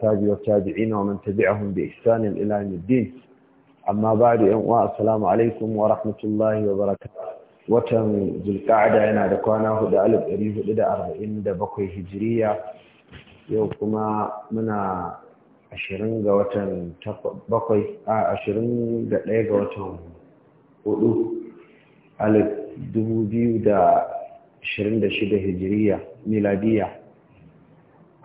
tabi wa tabi'in wa man tabi'ahum bi ihsanin ila yawmiddin amma ba'du yan uwa assalamu alaikum wa rahmatullahi wa yana da kwana 4447 hijiriya yau kuma muna ashirin ga watan 7 a 21 ga watan 4 alif shida hijiriya miladiya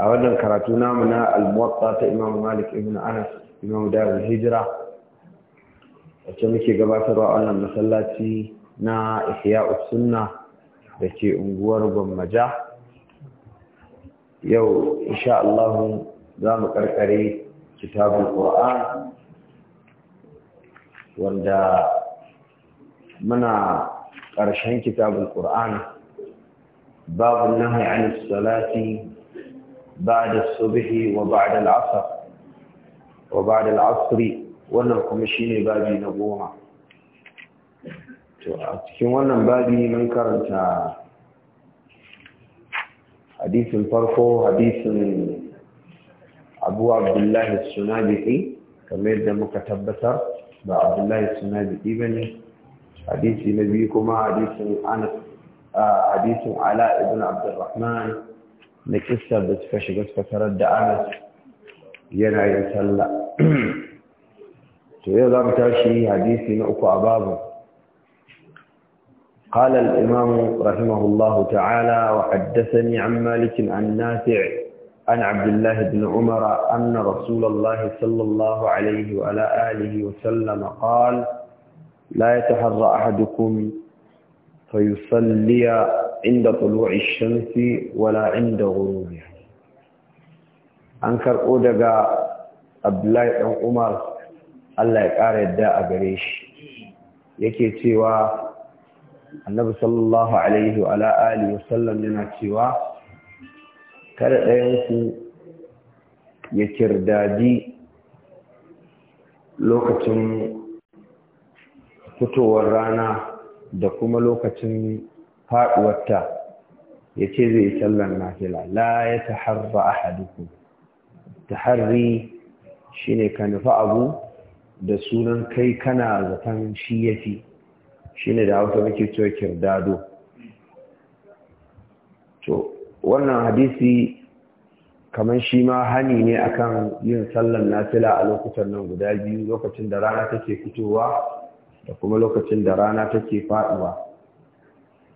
a wannan karatu namu na almuwatta ta imam malik ibn anas imam darul hijira wacce muke gabatarwa a wannan masallaci na Ihya sunna da ke unguwar gwammaja yau insha Allah za mu karkare kitabul qur'an wanda muna ƙarshen kitabul qur'an babu nahi an salati بعد الصبح وبعد العصر وبعد العصر wannan kuma shine babi na goma to a cikin wannan babi mun karanta hadisin farko hadisin Abu Abdullah Sunabi kamar da muka tabbatar ba Abdullah Sunabi bane hadisi na biyu kuma hadisin Anas hadisin Ala ibn Abdurrahman na kistar da suka shiga suka tarar da anas yana yin sallah to yau za mu tashi hadisi na uku a babu قال الإمام رحمه الله تعالى وحدثني عن مالك عن نافع عن عبد الله بن عمر أن رسول الله صلى الله عليه وعلى آله وسلم قال لا يتحرى أحدكم فيصلي عند طلوع الشمس ولا عند غروبها انكر karɓo daga abdullahi ɗan umar allah ya ƙara yadda a yake cewa annabi sallallahu alaihi wa alihi wasallam yana cewa kada ɗayanku ya kirdadi lokacin fitowar rana da kuma lokacin faɗuwarta ya ce zai sallan nafila la ya ta harri taharri shine ka nufa abu da sunan kai kana zaton shi ya fi. Shi ne da hausa muke cewa dado to wannan hadisi kamar shi ma hani ne akan yin sallan nafila a lokutan nan guda biyu lokacin da rana take fitowa da kuma lokacin da rana take faduwa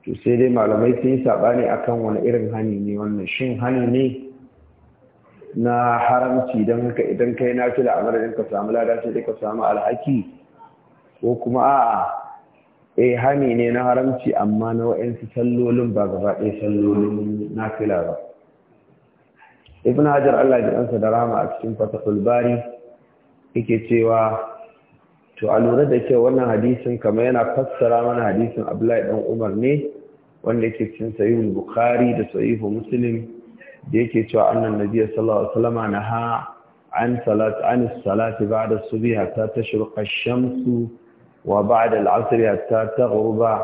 to sai dai malamai sun yi sabani akan wani irin hani ne wannan shin hani ne na haramci don haka idan kai na da a madadin ka samu lada sai dai ka samu alhaki ko kuma a'a eh hani ne na haramci amma na wa'yansu sallolin ba gaba ɗaya sallolin na fila ba ibn hajar Allah ya ɗansa da rama a cikin fatahul bari yake cewa to a lura da cewa wannan hadisin kama yana fassara mana hadisin Abdullahi dan Umar ne wanda yake cikin sahihul Bukhari da sahihu Muslim da yake cewa annan Nabi sallallahu alaihi wasallam naha an salat an salat ba'da subhi hatta tashruqa ash-shamsu wa ba'da al-'asr hatta taghruba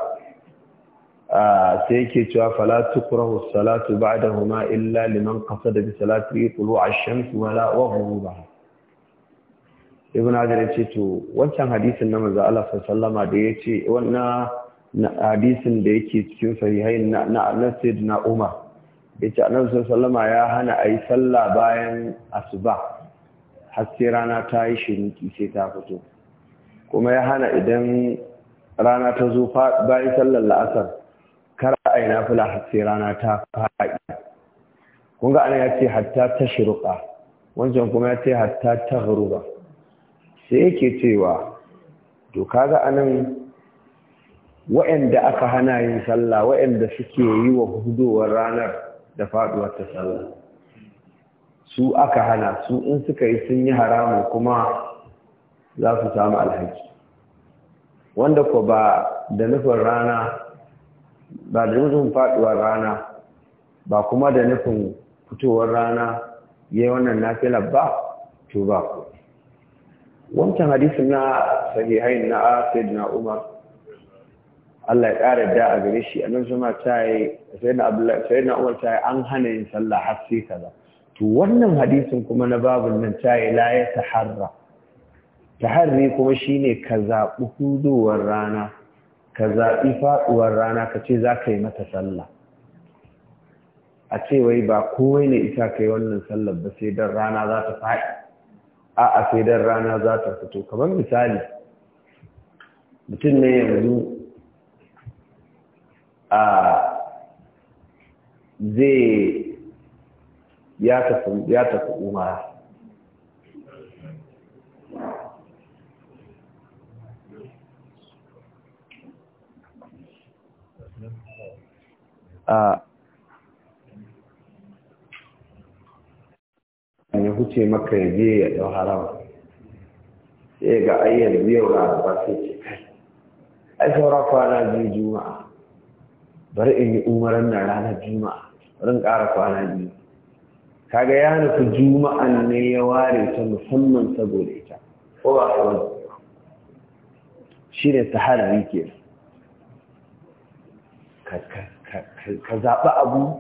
sai yake cewa fala tukrahu as-salatu ba'dahuma illa liman qasada bi salati tulu'a ash-shams wa la ghurubaha ibn hajar ya ce to wancan hadisin na manzo Allah sallama da ya ce wannan hadisin da yake cikin sahihain na na sayyidina Umar yace annabi sallama ya hana ayi sallah bayan asuba har sai rana ta yi shiruki sai ta fito kuma ya hana idan rana ta zo bayan sallar la'asar kar a yi nafila har sai rana ta faɗi kun ga ana ya ce hatta ta shiruka wancan kuma ya ce hatta ta gharuba sai yake cewa to kaga anan wa'anda aka hana yin sallah wa'anda suke yi wa hudowar ranar da faduwar ta sallah su aka hana su in suka yi sun yi haramu kuma za su samu alhaki wanda ko ba da nufin rana ba da nufin faduwar rana ba kuma da nufin fitowar rana ya yi wannan nafilar ba to ba ku wancan hadisin na sahihain na na Umar Allah ya ƙara da a gare shi annabi zama ta yi sayyidina na Umar ta yi an hana yin sallah har sai kaza to wannan hadisin kuma na babun nan ta yi la ya taharra taharri kuma shi ne ka zaɓi hudowar rana ka zaɓi faɗuwar rana ka ce za ka yi mata sallah a ce wai ba kowai ne isa yi wannan sallah ba sai don rana za ta faɗi a a sai dan rana za ta fito kamar misali mutum ne yanzu a zai ya tafi umara a ya huce maka ya je ya ɗau harama sai ga ayyar biyar ba sai ce kai ai saura kwana biyu juma'a bari in yi umaran na ranar juma'a bari in ƙara kwana biyu kaga ya nufi juma'an ne ya ware ta musamman saboda ita ko ba ka wani shi ne saharar ke ka zaɓi abu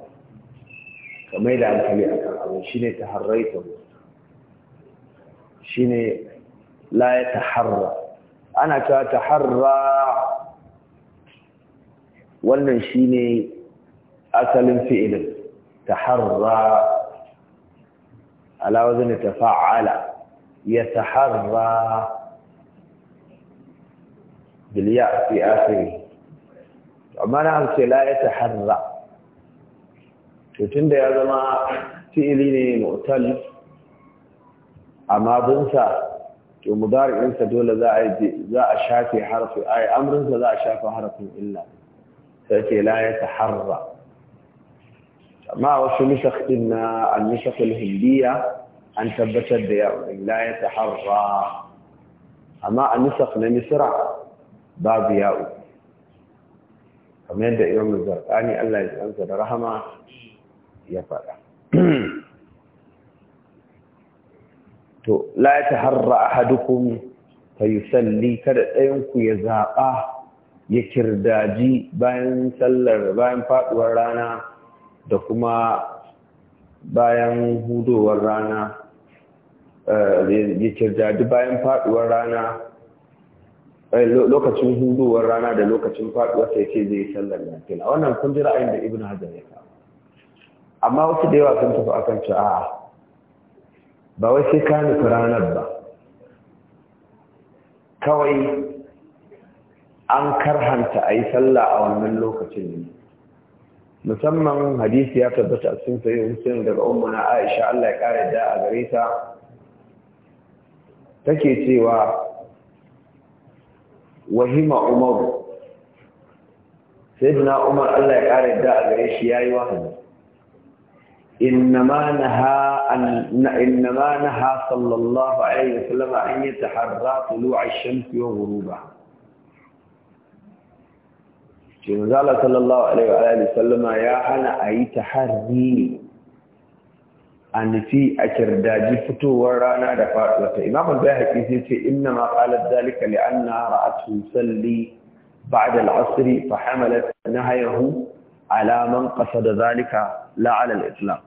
ka mai da hankali a kan abin shi ne ta harraita shi ne la ya ta harra ana cewa ta harra wannan shi ne asalin fi'ilin ta harra alawa zane ta fa'ala ya ta harra biliya fi asiri amma na amce la ya ta harra to tunda ya zama fi'ili ne mu'tal amma bunsa to mudari'insa dole za a za a shafe harfi ai amrinsa za a shafe harfin illa sai ce la ya taharra amma wasu nishaq din na al-nishaq al-hindiyya an tabbatar da ya la ya taharra amma al-nishaq na misra babu ya'u kamar yadda imam zarqani Allah ya tsansa da rahama ya faɗa to la ya taharra ahadukum fa yusalli kada ɗayanku ku ya zaɓa ya kirdaji bayan sallar bayan faɗuwar rana da kuma bayan hudowar rana eh, ya kirdaji bayan faɗuwar rana eh, lokacin hudowar rana da lokacin faɗuwar sai ce zai sallar A wannan kun ji ra'ayin da ibn hajar ya kawo amma wasu da yawa sun tafi akan ci a'a ba wai sai ka nufi ranar ba kawai an karhanta a yi sallah a wannan lokacin ne musamman hadisi ya tabbata a cikin sayi hussein daga ummuna aisha allah ya kara da a gare ta take cewa wahima umaru sai umar allah ya kara da a gare shi ya yi wahala. إنما نهى أن إنما نهى صلى الله عليه وسلم أن يتحرى طلوع الشمس وغروبها. جنزالة صلى الله عليه وآله وسلم يا أنا أي تحري أن في أكرداج فتو ورانا دفعت لك إمام الباهي إنما قالت ذلك لأنها رأته يصلي بعد العصر فحملت نهيه على من قصد ذلك لا على الإطلاق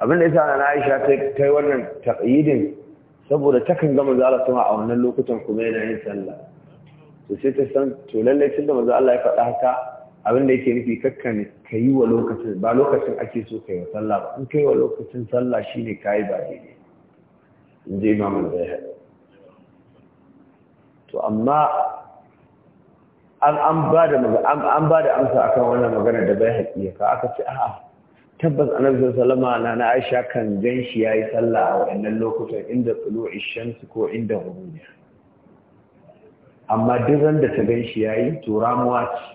abin da yasa na Aisha ta kai wannan taqyidin saboda takan ga manzo Allah sama a wannan lokutan kuma yana yin sallah to sai ta san to lalle da manzo Allah ya faɗa haka abinda yake nufi kakkan kayi wa lokacin ba lokacin ake so kai wa sallah ba in kai wa lokacin sallah shine kai ba dai-dai, in je imam al to amma an ba da amsa akan wannan magana da bai haƙiƙa aka ce a'a tabbas annabi sallama na na aisha kan gan shi yi sallah a wannan lokutan inda ishen su ko inda ghurubiya amma duk da ta gan shi yayi to ramuwa ce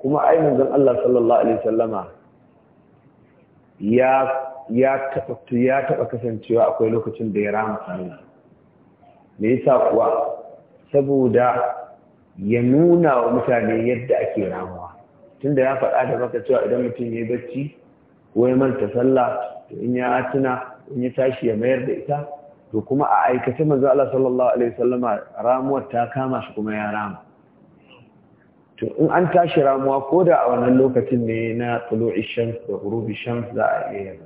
kuma ainihin manzon Allah sallallahu alaihi sallama ya taɓa ya taba kasancewa akwai lokacin da ya rama sallah me yasa kuwa saboda ya nuna wa mutane yadda ake ramuwa tunda ya faɗa da maka cewa idan mutum ya yi bacci ko ya manta sallah to in ya tuna in ya tashi ya mayar da ita to kuma a aikace manzo Allah sallallahu alaihi wasallama ramuwar ta kama shi kuma ya rama to in an tashi ramuwa ko da a wannan lokacin ne na tulu'i shams da ghurubi shams za a iya yin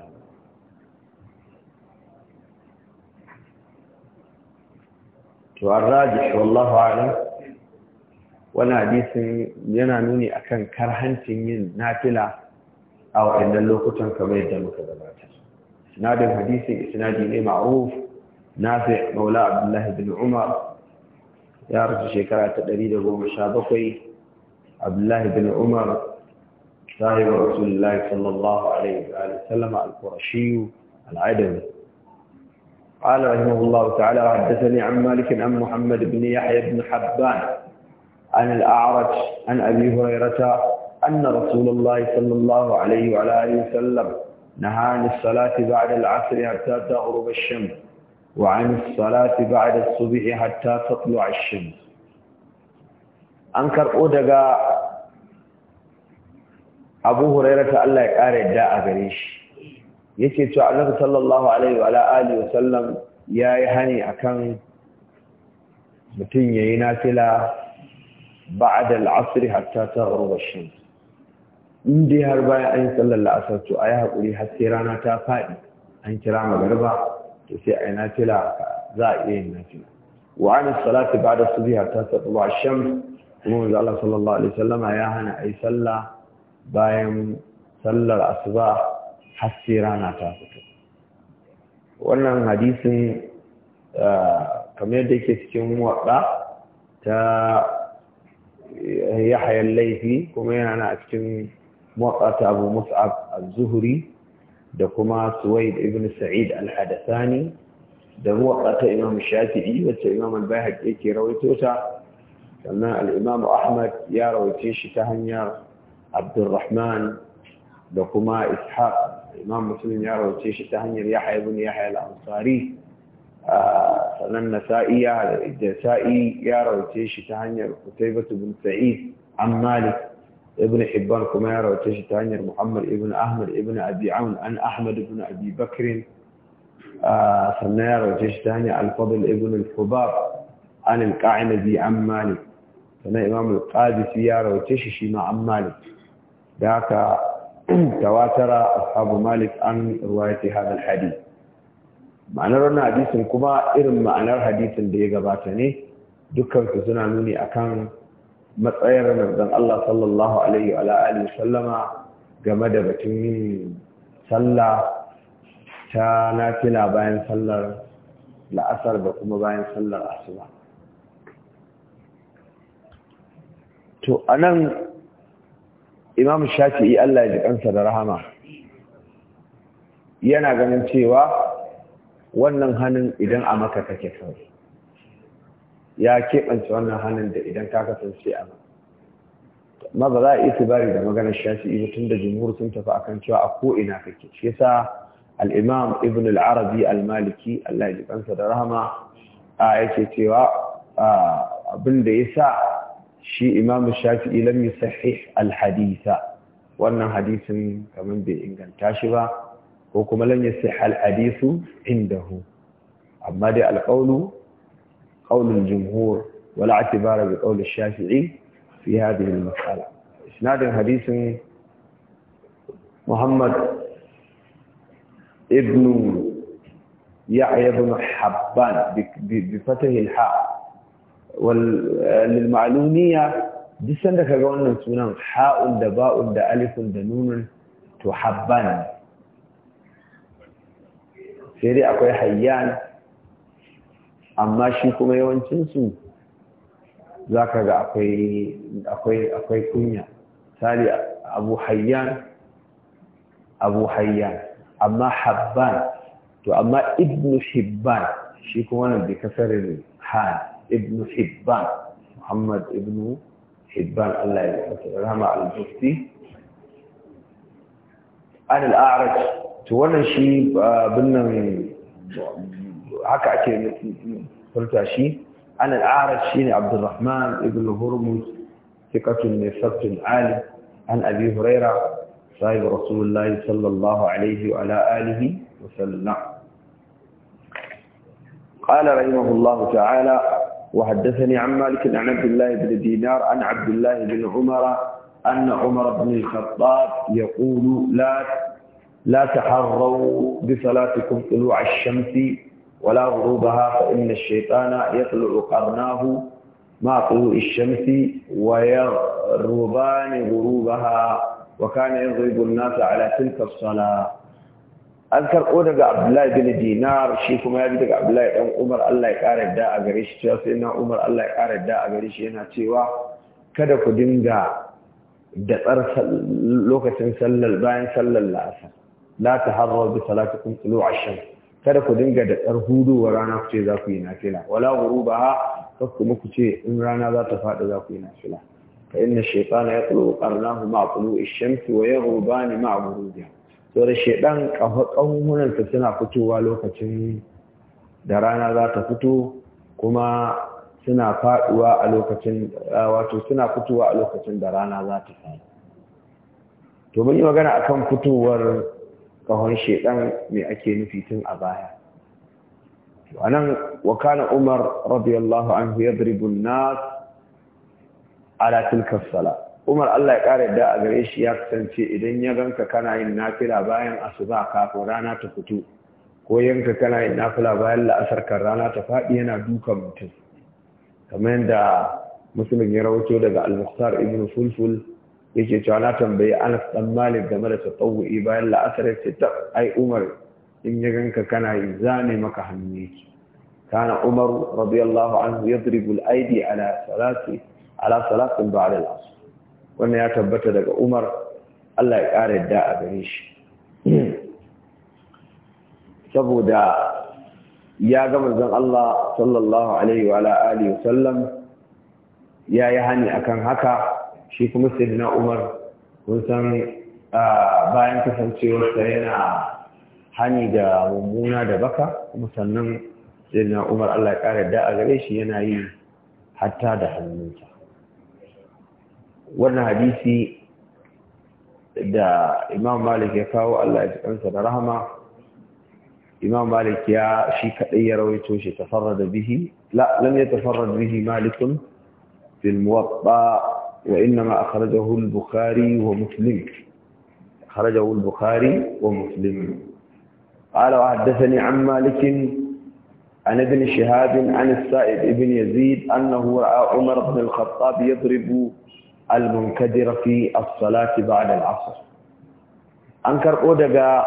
to arrajih wallahu a'lam wani hadisin yana nuni akan karhancin yin nafila a waɗannan lokutan kamar yadda muka gabata sinadin hadisin isnadi ne ma'ruf nafi maula abdullahi bin umar ya rasu shekara ta 117 abdullahi bin umar صاحب رسول sallallahu alaihi wa sallam, al وسلم القرشي ne. قال رحمه الله تعالى حدثني عن مالك عن محمد بن يحيى بن حبان عن الأعرج عن أبي هريرة أن رسول الله صلى الله عليه وعلى آله وسلم نهى عن الصلاة بعد العصر حتى تغرب الشمس وعن الصلاة بعد الصبح حتى تطلع الشمس أنكر أودغا أبو هريرة الله يقارئ داء غريش yake cewa annabi sallallahu alaihi wa alihi wasallam yayi hani akan mutun yayi nafila Ba'a da asr hatta ta ash-shams in dai har bayan an yi sallar la'asar to ayi hakuri har sai rana ta faɗi. an kira magariba to sai yi nafila za a iya yin nafila wa an salati ba'da subhi hatta taghrub ash shan. kuma wanzu Allah sallallahu alaihi wasallam ya hana ayi sallah bayan sallar asuba har sai rana ta fito wannan hadisin kamar yadda yake cikin waɗa ta yahya laifi kuma yana a cikin mawaƙata abu mus'ab az-zuhri da kuma suwaid ibn sa'id al-hadathani da muwaqqat imam shafi'i wacce imam al-bayhaqi yake rawaito ta sannan al-imam ahmad ya rawaice shi ta hanyar abdurrahman da kuma ishaq imam muslim ya rawaice shi ta hanyar yahya ibn yahya al-ansari sannan na nasa'i ya sa'i ya rawace shi ta hanyar Qutaybah bin Sa'id an mali. ibn Hibban kuma ya rawace shi ta hanyar Muhammad ibn Ahmad ibn Abi Aun an Ahmad ibn Abi bakirin. sannan ya rawace shi ta hanyar Al-Fadl ibn Al-Fubab an Al-Qa'inabi an mali. sannan Imam Al-Qadisi ya rawace shi shi ma an mali. da haka tawatara ashabu Malik an riwayati hadha al-hadith ma'anar wannan hadisin kuma irin ma'anar hadisin da ya gabata ne dukkan su suna nuni akan matsayar manzon Allah sallallahu alaihi wa alihi sallama game da batun sallah ta nafila bayan sallar la'asar da kuma bayan sallar asuba to anan imam shafi'i Allah ya ji kansa da rahama yana ganin cewa wannan hannun idan a maka kake kawai ya keɓance wannan hannun da idan ka kasance a ma ba za a yi tibari da maganar shafi'i ba tun da jumhur sun tafi akan cewa a ko'ina kake shi yasa alimam ibn al-arabi al-maliki Allah ya kansa da rahama a yake cewa abin da ya sa shi imam shafi'i lam sahih al hadisa wannan hadisin kamar bai inganta shi ba ko kuma lam yasih al hadithu indahu amma dai al qawlu qawlul jumhur wala i'tibara bi qawli shafi'i fi hadhihi al mas'ala isnadin hadithin muhammad ibn ya'ya ibn habban bi al ha wal lil ma'lumiyya وللمعلومية دي wannan sunan ha'un da ba'un da alifun da nunun to habban sai dai akwai hayyan amma shi kuma yawancinsu za ka ga akwai kunya misali abu hayyan abu hayyan amma habban to amma ibnu hibban shi kuma wannan bi kasarin han ibnu hibban muhammad ibnu hibban allah ya rahama al-busti an al to wannan shi abin nan haka ake furta shi an al'arar shi ne abdurrahman ibn hurmus fikatun ne sabtun ali an abi huraira sahib rasulullahi sallallahu alaihi wa ala alihi wa sallam قال رحمه الله تعالى وحدثني عن مالك عن عبد الله بن دينار عن عبد الله بن عمر أن عمر بن الخطاب يقول لا لا تحروا بصلاتكم طلوع الشمس ولا غروبها فإن الشيطان يطلع قرناه مع طلوع الشمس ويغربان غروبها وكان يضرب الناس على تلك الصلاة أذكر أودا عبد الله بن دينار شيكم يا بيتك عبد الله بن عمر الله يقارب دا أغريش سيدنا عمر الله يقارب دا أغريش هنا تيوا kada ku dinga da tsar lokacin sallar bayan sallar la'asar la taharraw bi salatikum tulu ash kada ku dinga da tsar wa rana ku ce za ku yi nafila wala ghurubaha kar ku muku ce in rana za ta fada za ku yi nafila fa inna shaytana yaqulu qarnahu ma tulu'i ash-shams wa yaghrubani ma ghurubiha to da shaytan kahun ta suna fitowa lokacin da rana za ta fito kuma suna faduwa a lokacin wato suna fitowa a lokacin da rana za ta fadi to mun yi magana akan fitowar kahon shedan me ake nufi tun a baya anan wa umar radiyallahu anhu yadribu an Umar Allah ya ƙara yadda a gare shi ya kasance idan ya ganka kana yin nafila bayan asuba kafin rana ta fito ko yanka kana yin nafila bayan la'asar kan rana ta faɗi yana dukan mutum kamar yadda musulun ya rawato daga al-mukhtar ibn fulful yake cewa na tambayi Anas dan Malik game da tatawu'i bayan la'asar ya ce ta ai Umar in ya ganka kana yi zane maka hannu yake kana Umar radiyallahu anhu ya al-aidi ala salati ala salatin ba'da al-asr wannan ya tabbata daga Umar Allah ya ƙara yadda a gare shi saboda ya gama zan Allah sallallahu alaihi wa alihi Sallam ya yi hani akan haka shi kuma sai na umar kun san bayan kasancewarsa yana hani da mummuna da baka kuma sannan sai na umar allah ya ƙara da a gare shi yana yi hatta da hannunsa wannan hadisi da imam malik ya kawo allah ya da rahama imam malik ya shi kaɗai ya rawaito shi da bihi la lam ya da bihi malikun fil muwatta وإنما أخرجه البخاري ومسلم أخرجه البخاري ومسلم قال وحدثني عن مالك عن ابن شهاب عن السائب ابن يزيد أنه رأى عمر بن الخطاب يضرب المنكدر في الصلاة بعد العصر أنكر أودغا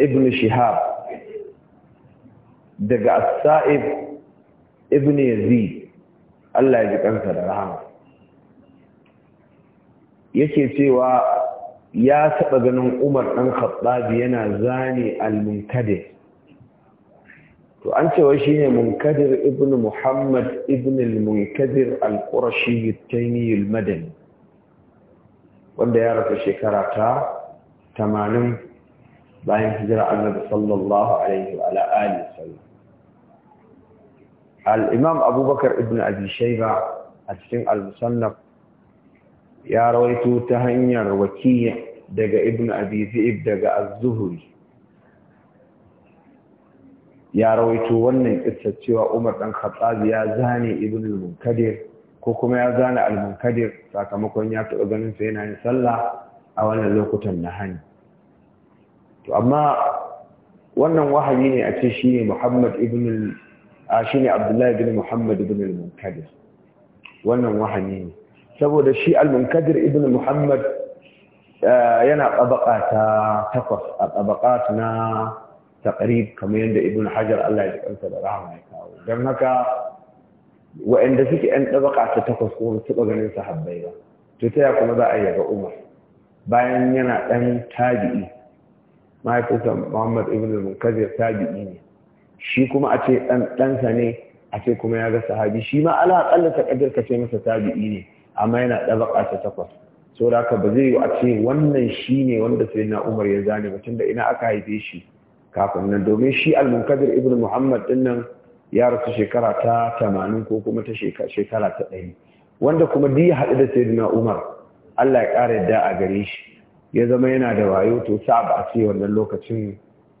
ابن شهاب دغا السائب ابن يزيد Allah ya ji kansa da rahama yake cewa ya taɓa ganin umar ɗan khattabi yana zane al-munkadir to an cewa shi ne munkadir ibn muhammad ibn al-munkadir al-qurashi al madani wanda ya rasu shekara ta tamanin bayan hijira annabi sallallahu alaihi wa sallam al'imam abubakar ibn Abishaiba a cikin al ya rawaito ta hanyar wakiyya daga ibn abi daga az-zuhri ya rawaito wannan kissa cewa Umar ɗan Khattab ya zane Ibn al-Munkadir ko kuma ya zane al-Munkadir sakamakon ya taɓa ganin sa yana yin sallah a wannan lokutan na hani to amma wannan wahayi ne a ce shine Muhammad ibn a shi ne abdullahi bin muhammad ibn al-munkadir wannan wahani ne saboda shi al-munkadir ibn muhammad eh, yana tabaka ta takwas a tabaka na taqrib kamar yadda ibn hajar Allah ya kanta da rahama ya kawo dan haka wa'anda suke yan tabaka ta takwas ko su ba ganin sahabbai ba to ta ya kuma za a yaga umar bayan yana ɗan tabi'i mahaifinsa muhammad ibn al-munkadir tabi'i ne shi kuma a ce ɗansa ne a ce kuma ya ga sahabi shi ma ala aƙalla ta ƙadar ka ce masa tabi'i ne amma yana ɗaba ta takwas so da ba zai yi a ce wannan shi ne wanda sai na umar ya zane mutum da ina aka haife shi kafin nan domin shi al-munkadir ibn muhammad din nan ya rasu shekara ta tamanin ko kuma ta shekara ta ɗari wanda kuma duk ya haɗu da na umar allah ya ƙara yadda a gare shi ya zama yana da wayo to sa ba a ce wannan lokacin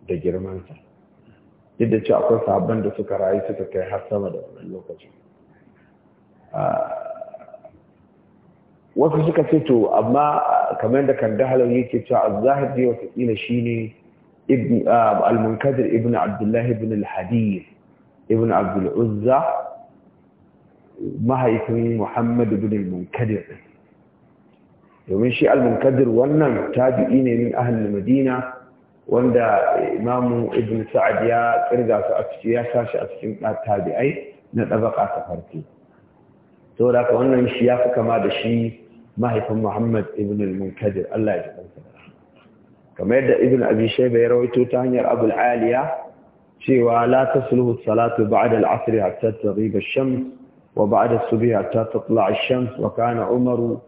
da girmansa Yadda da akwai sahabban da suka rayu suka kai har sama da wannan lokaci ah, wasu suka fito amma kamar da kan dahalar yake cewa az-zahabi wa kila shi ne ah, al-munkadir ibn abdullah ibn al-hadith ibn abd al-uzza mahaifin muhammad ibn al-munkadir domin shi al-munkadir wannan tabi'i ne min ahli madina wanda imamu ibn sa'ad ya kirga su a ciki ya sashi a cikin tabi'ai na ɗabaƙa ta farko to da ka wannan shi ya fi kama da shi mahaifin muhammad ibn al-munkadir allah ya ji ɗansa kamar yadda ibn abi shaiba ya rawaito ta hanyar abul aliya cewa la tasluhu salatu ba'da al-asr hatta taghiba ash-shams wa ba'da as-subh hatta tatla ash shan wa kana umaru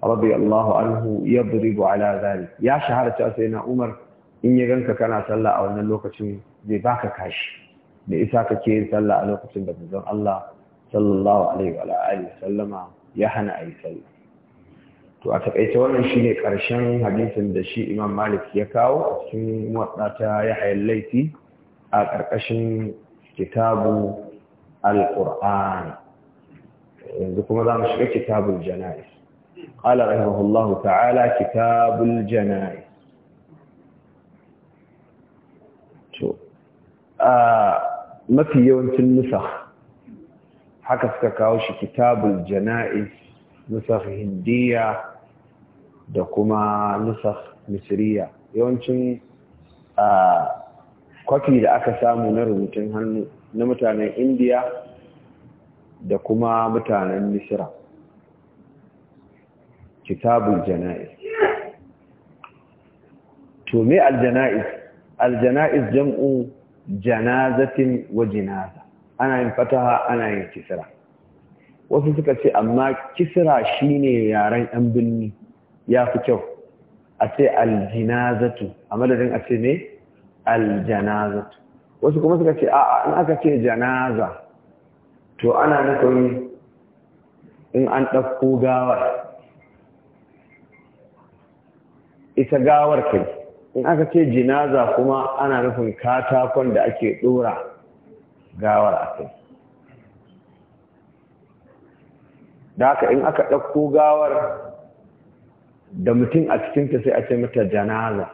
allahu anhu yadribu ala zali ya shahara ta na umar in ya ganka kana sallah a wannan lokacin zai baka kashi da isa kake yin sallah a lokacin da manzon Allah sallallahu alaihi wa alihi sallama ya hana a yi sallah to a taƙaice wannan shine ƙarshen hadisin da shi Imam Malik ya kawo a cikin watsa ta Yahya laifi a ƙarƙashin kitabu al-Qur'an yanzu kuma za mu shiga kitabul janaiz qala rahimahullahu ta'ala kitabul janaiz a mafi yawancin nusa haka suka kawo shi kitabul jana'is nusar hindiya da kuma nusar misiriya yawancin a kwafi da aka samu na rubutun hannu na mutanen indiya da kuma mutanen misira kitabul jana'is to me aljana'is aljana'is jam'u janazatin wa jinaza ana yin fataha ana yin kisra wasu suka ce amma kisra shine yaren yan birni yafi kyau a ce aljinazatu a madadin a ce ne aljanazatu wasu kuma suka ce a'a an aka ce janaza to ana nufin in an ɗauko gawar ita gawar kai in aka ce jinaza kuma ana nufin katakon da ake dora gawar a kai da haka in aka ɗauko gawar da mutum a cikinta sai a ce mata janaza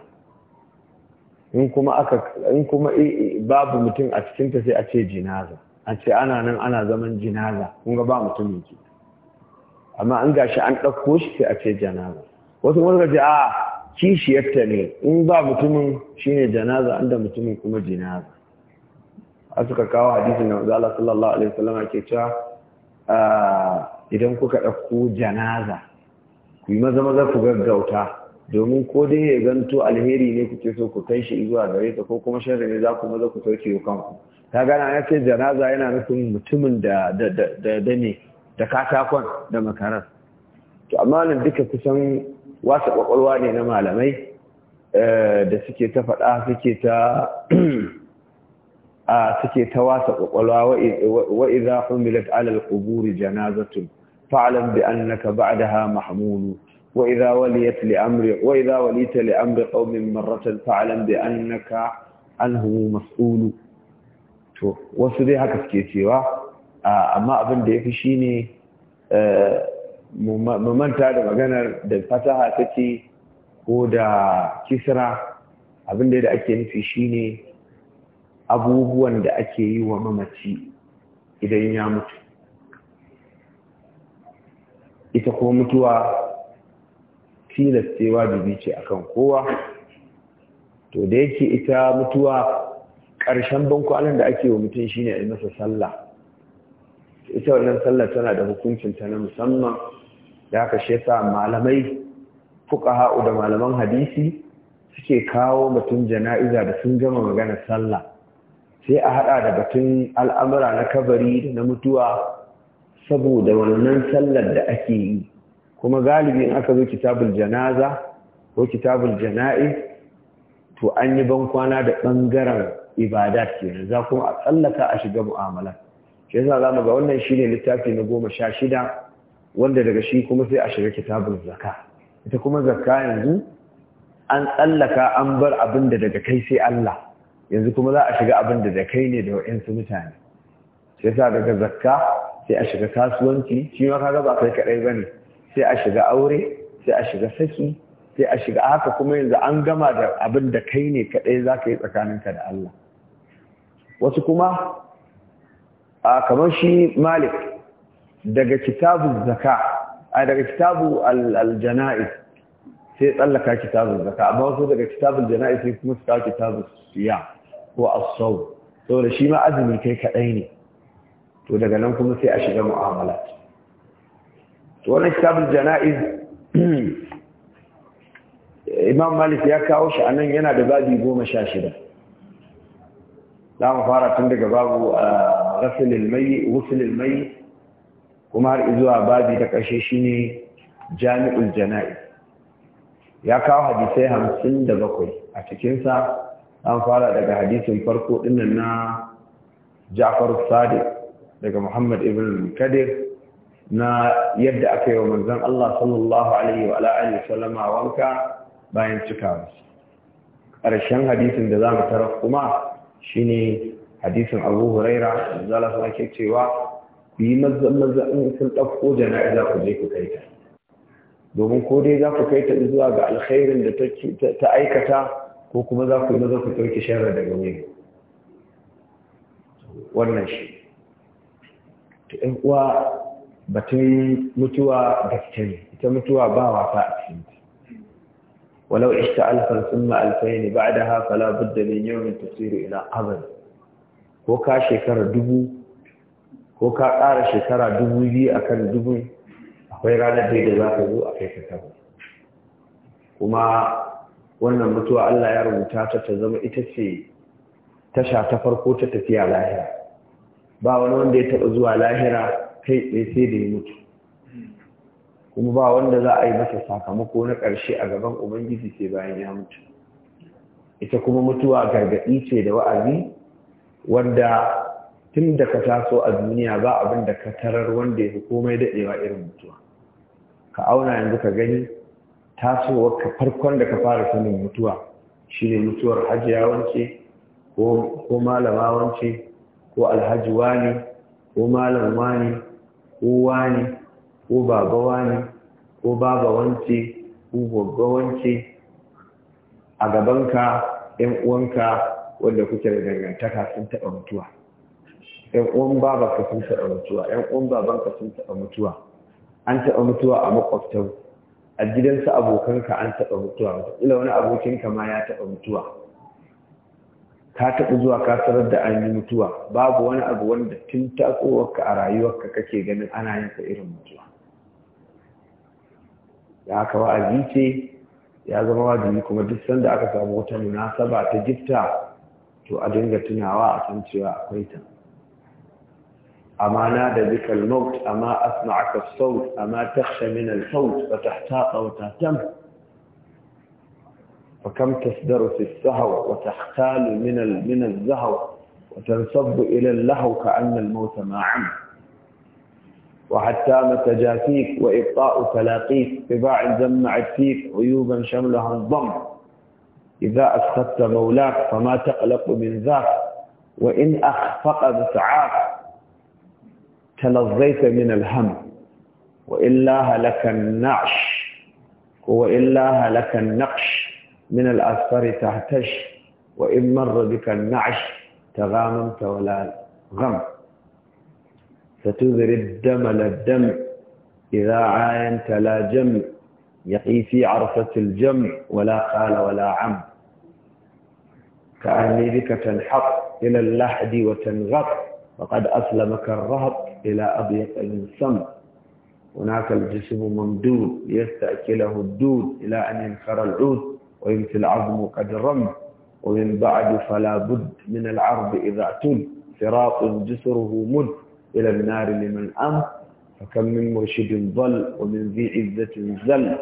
in kuma in kuma eh, eh, babu mutum a cikinta sai a ce jinaza a ce ana nan ana zaman jinaza kun ga ba mutum yake amma an gashi an ɗauko shi sai a ce janaza wasu wani gaji a kishiyarta ne in ba mutumin shine janaza inda mutumin kuma janaza. a suka kawo hadisin da manzo Allah sallallahu alaihi wasallam ke cewa ah, idan kuka ɗauko janaza ku yi maza maza ku gaggauta domin ko dai ya ganto alheri ne kuke so ku kai shi zuwa gare ta ko kuma shan ne za ku maza ku sauke kanku ta gana ya ce janaza yana nufin mutumin da da da ne da katakon da makarar to amma nan duka kusan wasa kwakwalwa ne na malamai eh, da suke ta faɗa suke ta a suke ta wasa kwakwalwa wa idza humilat ala al janazatun fa'lam bi annaka ba'daha mahmulu wa idza waliyat li amri wa idza walita li amri qaumin marratan fa'lam bi annaka anhu mas'ulu to wasu dai haka suke cewa amma abin da yafi shine eh, mu manta da maganar da fataha take ko da kisra abin da ake nufi shine abubuwan da ake yi wa mamaci idan ya mutu ita ko mutuwa tilastewa dubi ce kan kowa to da yake ita mutuwa ƙarshen banko da ake wa mutum shine a yi masa sallah ita wannan sallar tana da hukuncin ta na musamman da haka shi malamai malamai fuqaha da malaman hadisi suke kawo batun jana'iza da sun gama magana sallah sai a hada da batun al'amura na kabari da na mutuwa saboda wannan sallar da ake yi kuma galibi in aka zo kitabul janaza ko kitabul jana'iz to an yi bankwana da bangaren ibada kenan za kuma a tsallaka a shiga mu'amalar shi yasa mu ga wannan shine littafi na goma sha shida wanda daga shi kuma sai a shiga kitabun zaka ita kuma zakka yanzu an tsallaka an bar abin da daga kai sai Allah yanzu kuma za a shiga abin da da kai ne da wa'insu mutane shi yasa daga zakka sai a shiga kasuwanci shi ma kaga ba kai kadai bane sai a shiga aure sai a shiga saki sai a shiga haka kuma yanzu an gama da abin da kai ne kadai ka yi tsakaninka da Allah wasu kuma a kamar shi malik daga kitabu zaka a daga kitabu aljana'is sai tsallaka kitabu zaka amma wasu daga kitabu jana'is sai kuma su kawo kitabun siya ko asau saboda shi ma azumi kai kaɗai ne to daga nan kuma sai a shiga mu'amala to wannan kitabu jana'iz imam malik ya kawo shi a nan yana da babi goma sha shida za mu fara tun daga babu a ah, rasulil kuma har zuwa babi ta ƙarshe shine jami'ul jana'i ya kawo hadisai hamsin da bakwai a cikinsa an fara daga hadisin farko dinnan na Jafaru sadiq daga muhammad ibn kadir na yadda aka yi wa manzan Allah sallallahu alaihi wa alihi sallama wanka bayan cika musu ƙarshen hadisin da za mu tarar kuma shine hadisin abu huraira zala su ake cewa ku yi maza in sun ɗauko jana'iza ku je ku kai ta domin ko dai za ku kai ta zuwa ga alkhairin da ta aikata ko kuma za ku yi maza ku ɗauki shara daga wuri wannan shi ta ɗan uwa batun mutuwa gaske ne ita mutuwa ba wasa a cikin ولو عشت ألفا ثم ألفين بعدها فلا بد من يوم تصير إلى أبد ko ka shekara dubu ko ka ƙara shekara dubu biyu a kan dubu akwai ranar da za ka zo a kai ka tabo kuma wannan mutuwa Allah ya rubuta ta ta zama ita ce tasha ta farko ta tafiya lahira ba wani wanda ya taɓa zuwa lahira kai tsaye sai da ya mutu kuma ba wanda za a yi masa sakamako na ƙarshe a gaban ubangiji sai bayan ya mutu ita kuma mutuwa gargaɗi ce da wa'azi wanda tun da ka taso a duniya ba abin da ka tarar wanda ya fi komai daɗewa irin mutuwa ka auna yanzu ka gani tasowar ka farkon da ka fara sanin mutuwa shine mutuwar hajiya wance ko malama wance ko alhaji wani ko malam wani ko wani ko baba wani ko baba wance ko goggo wance a gabanka 'yan uwanka wanda kuke da dangantaka sun taɓa mutuwa ‘yan uwan babanka sun taɓa mutuwa ‘yan uwan babanka sun taɓa mutuwa an taɓa mutuwa a makwabtan a gidansa abokanka an taɓa mutuwa wataƙila wani abokinka ma ya taɓa mutuwa ka taɓa zuwa ka sanar da an yi mutuwa babu wani abu wanda tun tasowarka a rayuwarka kake ganin ana yin sa irin mutuwa ya haka wa'azi ce ya zama wajibi kuma duk sanda aka samu wata munasaba ta gifta to a dinga tunawa a san cewa akwai ta amana da zikal maut amma asma'aka sawt amma takhsha min al sawt fa tahtaqa wa tahtam fa kam tasdaru fi as-sahw wa tahtalu min al-min al-zahw wa tansabu ila al-lahw ka anna al-maut ma'am wa hatta وحتى متجافيك وإبطاء تلاقيك بباع جمعت فيك عيوبا شملها dhamm إذا أسخفت مولاك فما تقلق من ذاك وإن أخفق سعاك تلظيت من الهم وإلا هلك النعش وإلا هلك النقش من الأسفر تهتش وإن مر بك النعش تغاممت ولا غم فتذري الدم للدم إذا عاينت لا جم يقي في عرفة الجمع ولا قال ولا عم كأهل بك تنحط إلى اللحد وتنغط وقد أسلمك الرهط إلى أبيض السم هناك الجسم ممدود يستأكله الدود إلى أن ينخر العود ويمثل العظم قد رم ومن بعد فلا بد من العرض إذا اعتد فراط جسره مد إلى النار لمن أم فكم من مرشد ضل ومن ذي عزة زل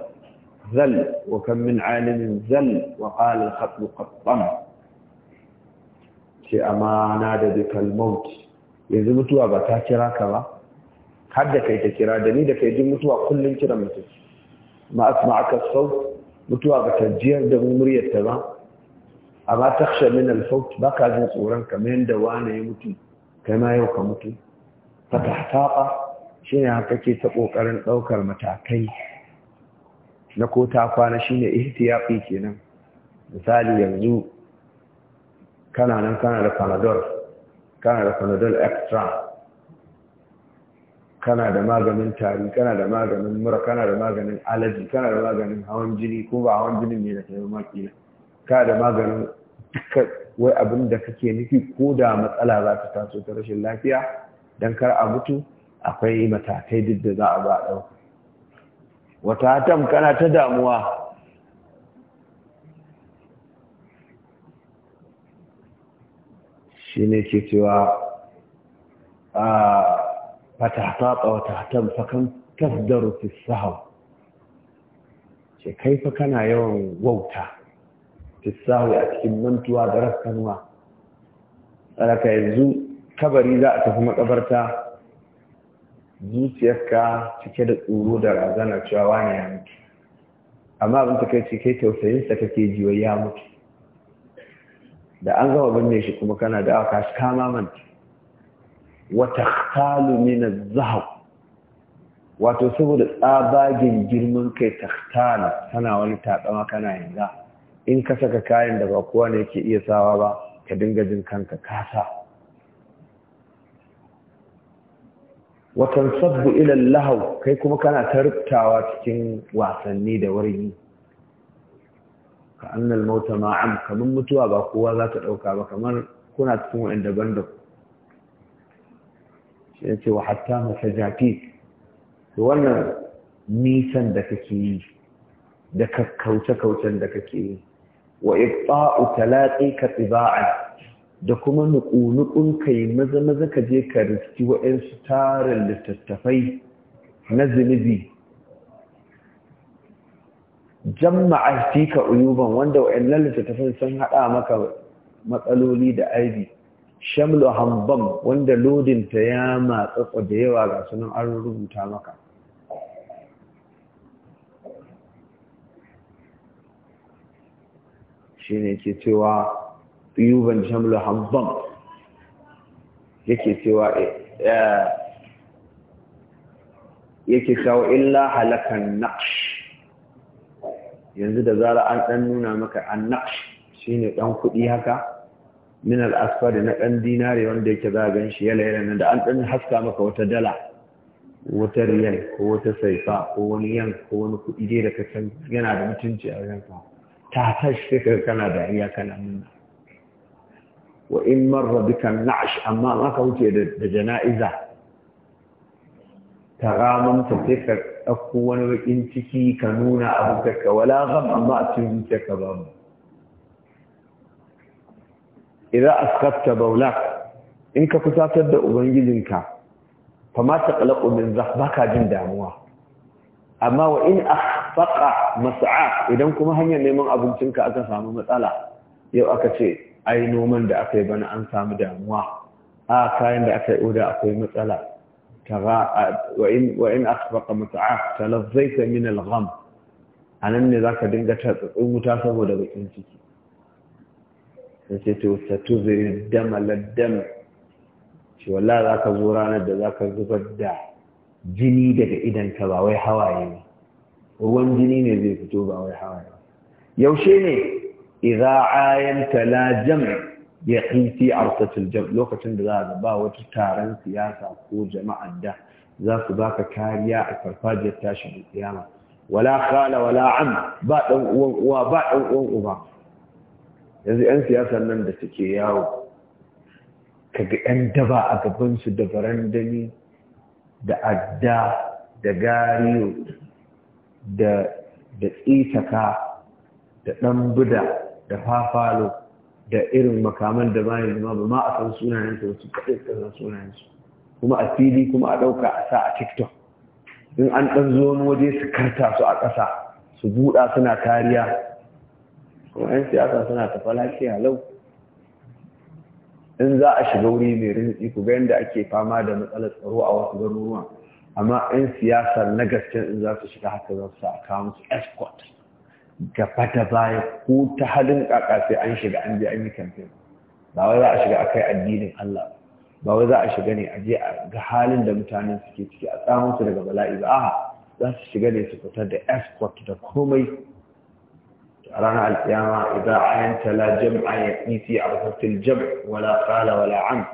Zal وكم من عالم زل وقال الخطب قطم ce amma na da dukkan maut yanzu mutuwa ba ta kira ka ba har da kai ta kira da ni da kai mutuwa kullum kira mutum ma asma aka sau mutuwa ba ta jiyar da mu muryarta ba amma taksha min alfaut ba ka jin tsoron kamar yadda wani ya mutu kai ma yau ka mutu fatahtaqa shine haka ke ta ƙoƙarin ɗaukar matakai na ko ta kwana shi ne shine ke nan misali yanzu kana nan kana da panadol kana da panadol extra kana da maganin tari kana da maganin mura kana da maganin alaji kana da maganin hawan jini ko ba hawan jini ne da kai maki kana da maganin wai abin da kake nufi ko da matsala za ta taso ta rashin lafiya don kar a mutu akwai matakai duk da za a ba a ɗauka wata hatam kana ta damuwa shi ne ke cewa a fatahatata wata hatam fakan tasdaru fi sahau ce kai fa kana yawan wauta sahau a cikin mantuwa da raskanwa tsaraka yanzu kabari za a tafi makabarta zuciyarka cike da tsoro da razana cewa wani ya mutu amma abin ta kai ce kai tausayinsa kake jiwa ya mutu da an gama binne shi kuma kana da aka shi kama manta wata khalu min zahab wato saboda tsabagin girman kai tahtana tana wani tatsama kana yanga in ka saka kayan da ba kowa ne yake iya sawa ba ka dinga jin kanka kasa Watan sabbu ila lahau kai kuma kana tartawa cikin wasanni da wargi ka annal mauta ma'am kamar mutuwa ba kowa za ta dauka ba kamar kuna cikin daban da shi yace wa hatta jafi? to wannan nisan da kake yi da kakkauce kaucen da kake yi wa ifa'u talaqi ka tsiba'a da kuma nukunukun kai maza-maza ka je ka riski waɗansu tarin littattafai na zunubi jama'a ka uyuban wanda waɗannan littattafai sun haɗa maka matsaloli da aibi shamlo hambam wanda lodin ta ya matsa da yawa ga sunan an rubuta maka shi ne ke cewa ɗuyuban jamlu hanzon yake cewa eh, eh, yake kawo illa halakan naqsh yanzu da zara an ɗan nuna maka an naqsh ne ɗan kuɗi haka min Asfari na ɗan dinare wanda yake za gan shi yala yala da an ɗan haska maka wata dala wata riyal ko wata saifa ko wani yan ko wani kuɗi dai da ka yana da mutunci a wajen ta tashi sai ka kana dariya kana nuna wa in marra bika na'ash amma maka wuce da jana'iza ta ta sai ka ɗauko wani bakin ciki ka nuna abin ka wala gham amma a cikin zuciyarka ba mu idza askafta baulak in ka kusatar da ubangijinka fa ma taqlaqu min zah baka jin damuwa amma wa in akhfaqa mas'a idan kuma hanyar neman abincinka aka samu matsala yau aka ce ai noman da aka yi bana an samu damuwa a kayan da aka yi oda akwai matsala Ta wa'in asibaka mutu'a talazzaita min algham a nan ne za ka dinga tatsatsin wuta saboda bakin ciki sun ce to zai dama laddam ce za ka zo ranar da za ka zubar da jini daga idanka ba wai hawaye ne ruwan jini ne zai fito ba wai hawaye yaushe ne Iza ayanta la jam' ya fi arsatul jam' lokacin da za a ga ba wata taron siyasa ko jama'a da za su baka kariya a farfajiyar tashin kiyama wala khala wala am ba dan uwan uwa ba dan uwan uba yanzu yan siyasar nan da suke yawo kaga yan daba a gaban su da barandami da adda da gariyo da da tsitaka da ɗan buda da fafalo da irin makaman da ba yanzu ba ma a san sunayensu su su kaɗai suka san sunayensu kuma a fili kuma a ɗauka a sa a tiktok in an ɗan zo wani waje su karta su a ƙasa su buɗa suna kariya kuma 'yan siyasa suna tafa lafiya lau in za a shiga wuri mai rinzi ku ga yadda ake fama da matsalar tsaro a wasu garuruwa amma 'yan siyasar na gaske in za su shiga haka za su sa a kawo musu escort gaba da baya ko ta halin kaka sai an shiga an je an yi kamfen ba wai za a shiga akai addinin Allah ba wai za a shiga ne a je a ga halin da mutanen suke ciki a tsamun su daga bala'i ba a'a za su shiga ne su fitar da escort da komai a ranar alkiyama idan ayanta la jam'a ya isi a rafatil jam wala qala wala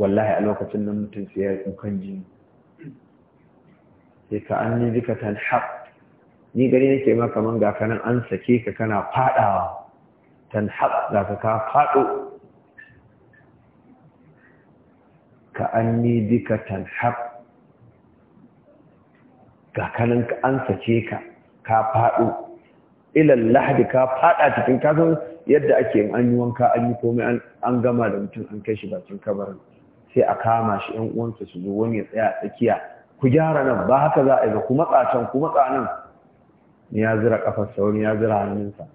wallahi a lokacin nan mutum sai ya kukan jini sai ka an ni zikatan haqq ni gani nake ma kaman ga kanan an sake ka kana fadawa tan haq za ka ka fado ka anni bika tan haq ga kanan ka an sake ka ka fado ila lahdi ka fada cikin kasan yadda ake an yi wanka an yi komai an gama da mutum an kai shi bakin kabarin sai a kama shi yan uwansa su zo wani ya tsaya tsakiya ku gyara nan ba haka za a yi ba ku matsa can ku matsa nan ya zira kafarsa wani ya zira hannunsa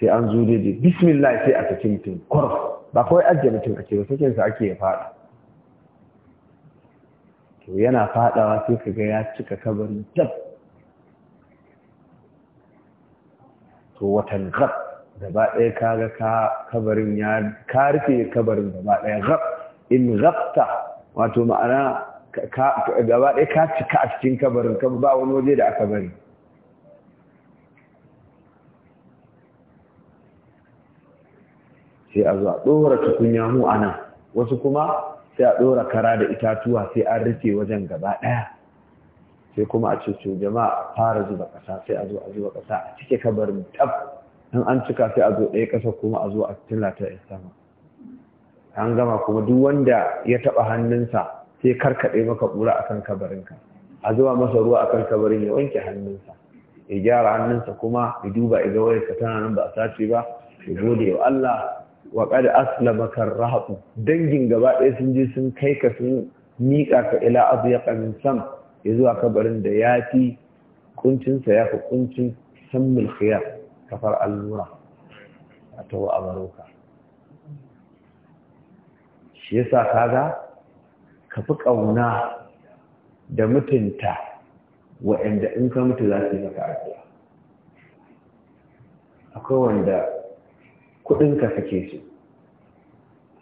sai an zo daidai bismillah sai a cikin mutum kurf ba kawai ajiye mutum ake ba sakinsa ake ya fada to yana fadawa sai ka ga ya cika kabarin dab to watan gab gaba ɗaya ka ga kabarin ya ka rufe kabarin gaba ɗaya gab in gabta wato ma'ana gaba ɗaya ka cika a cikin kabarin kan ba wani waje da aka bari sai a zo a ɗora tukunya mu a nan wasu kuma sai a ɗora kara da itatuwa sai an rufe wajen gaba ɗaya sai kuma a cece jama'a fara zuba ƙasa sai a zo a zuba ƙasa a cike kabarin tab in an cika sai a zo ɗaya ƙasa kuma a zo a tilata ya sama an gama kuma duk wanda ya taɓa hannunsa sai karkaɗe maka ƙura kan kabarinka a zuwa masa ruwa a kan kabarin ya wanke hannunsa ya gyara hannunsa kuma ya duba ya ga tana nan ba a sace ba ya gode wa Allah wa qad aslama karrahu dangin gaba ɗaya sun je sun kai ka sun miƙa ka ila ya min sam ya zuwa kabarin da ya fi ƙuncinsa ya fi kuncin sammul khiyar kafar allura a tawo a baroka shi yasa kaga ka fi ƙauna da mutunta waɗanda in ka mutu za su yi maka ajiya. akwai wanda kuɗinka kake su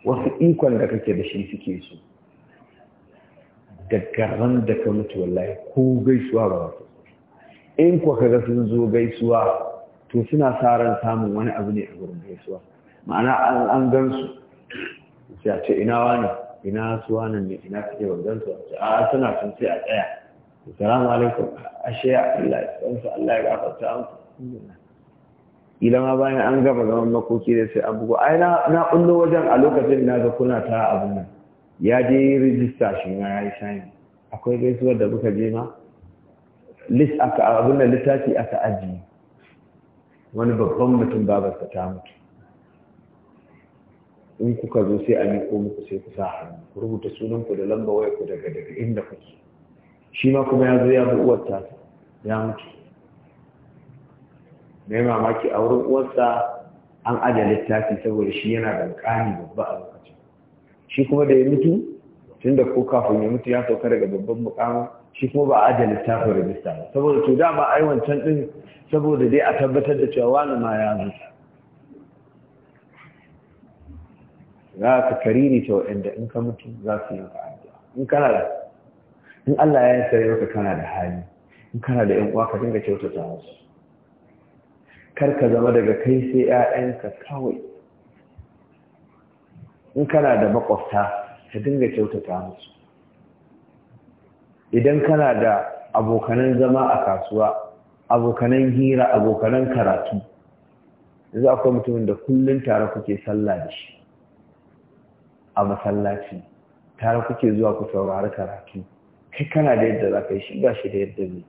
wasu ikon da kake da shi suke su gaggaran da ka mutu wallahi ko gaisuwa ba wata in kuwa ka sun zo gaisuwa to suna sa ran samun wani abu ne a gurin gaisuwa ma'ana an gan su ce ina wani ina su wannan ne ina kake wanzan su a suna sun sai a tsaya assalamu alaikum ashe Allah ya san su Allah ya gafarta muku ila ma bayan an gaba zaman makoki da sai abugo ai na na kullo wajen a lokacin na ga kuna ta abun nan ya je rijista shi na ya yi sign akwai gaisuwar da muka je ma list aka abun nan littafi aka ajiye wani babban mutum babarsa ta mutu in kuka zo sai a miƙo muku sai ku sa hannu ku rubuta sunan ku da lamba waya ku daga daga inda kuke shi ma kuma ya zo ya bi uwar ta ya mutu mai mamaki a wurin uwarsa an aje littafi saboda shi yana da ƙani babba a lokacin shi kuma da ya mutu tun da ko kafin ya mutu ya sauka daga babban mukamin shi kuma ba a aje littafin rajista ba saboda to dama ai wancan din saboda dai a tabbatar da cewa wani ma ya mutu za ka kariri ta waɗanda in ka mutu za su yi ka ajiya. in kana da in Allah ya sare maka kana da hali in kana da ƴan uwa ka dinga kyautata musu kar ka zama daga kai sai ƴaƴanka kawai in kana da makwabta ka dinga kyautata musu idan kana da abokanan zama a kasuwa abokanan hira abokanan karatu yanzu akwai mutumin da kullum tare kuke sallah da shi a masallaci tare kuke zuwa ku saurari karatu kai kana da yadda za ka yi shi ba shi da yadda zai